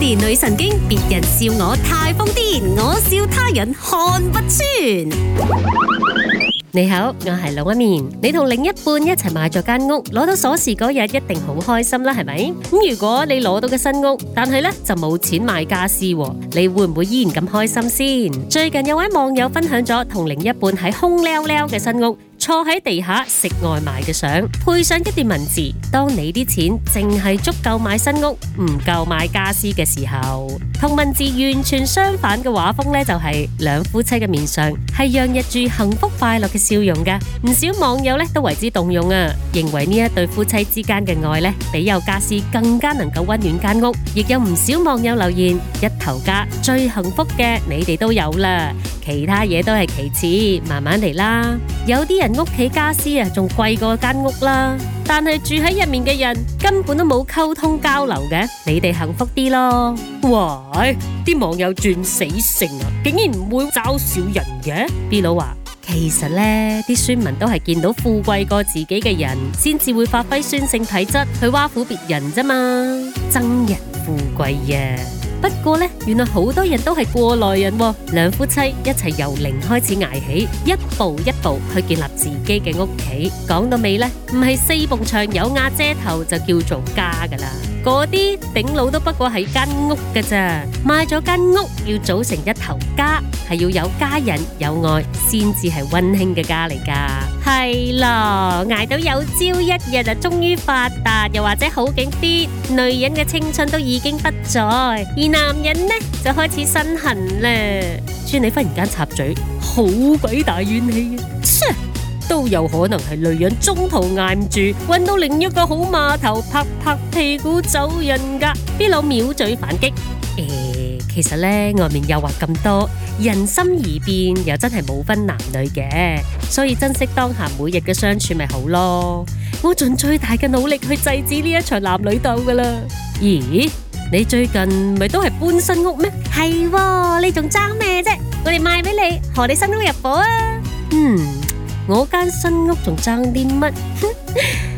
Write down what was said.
年女神經，別人笑我太瘋癲，我笑他人看不穿。你好，我係龍紋敏。你同另一半一齊買咗間屋，攞到鎖匙嗰日一定好開心啦，係咪？咁、嗯、如果你攞到嘅新屋，但係呢就冇錢買傢俬，你會唔會依然咁開心先？最近有位網友分享咗同另一半喺空溜溜嘅新屋。坐喺地下食外賣嘅相，配上一段文字，當你啲錢淨係足夠買新屋，唔夠買家私嘅時候，同文字完全相反嘅畫風呢，就係，就係兩夫妻嘅面上係洋溢住幸福快樂嘅笑容嘅。唔少網友呢都為之動容啊，認為呢一對夫妻之間嘅愛呢，比有家私更加能夠溫暖間屋。亦有唔少網友留言：一頭家最幸福嘅，你哋都有啦。其他嘢都係其次，慢慢嚟啦。有啲人屋企家私啊，仲貴過間屋啦。但係住喺入面嘅人根本都冇溝通交流嘅。你哋幸福啲咯。喂，啲網友轉死性啊，竟然唔會嘲笑人嘅。B 佬話其實呢啲酸民都係見到富貴過自己嘅人，先至會發揮酸性體質去挖苦別人咋嘛？憎人富貴呀、啊！不過呢，原來好多人都係過來人，哦，兩夫妻一齊由零開始捱起，一步一步去建立自己嘅屋企。講到尾呢，唔係四埲牆有瓦遮頭就叫做家㗎喇，嗰啲頂老都不過係間屋㗎咋。買咗間屋要組成一頭家，係要有家人有愛先至係溫馨嘅家嚟㗎。係咯，挨到有朝一日就終於發達，又或者好景啲，女人嘅青春都已經不在，而男人呢就開始身痕啦。孫女忽然間插嘴，好鬼大怨氣啊！都有可能係女人中途挨唔住，搵到另一個好碼頭，拍拍屁股走人噶。B 佬秒嘴反擊。其實咧，外面誘惑咁多，人心易變，又真係冇分男女嘅，所以珍惜當下每日嘅相處咪好咯。我盡最大嘅努力去制止呢一場男女鬥噶啦。咦，你最近咪都係搬新屋咩？係，哦，你仲爭咩啫？我哋賣俾你，賀你新屋入伙啊？嗯，我間新屋仲爭啲乜？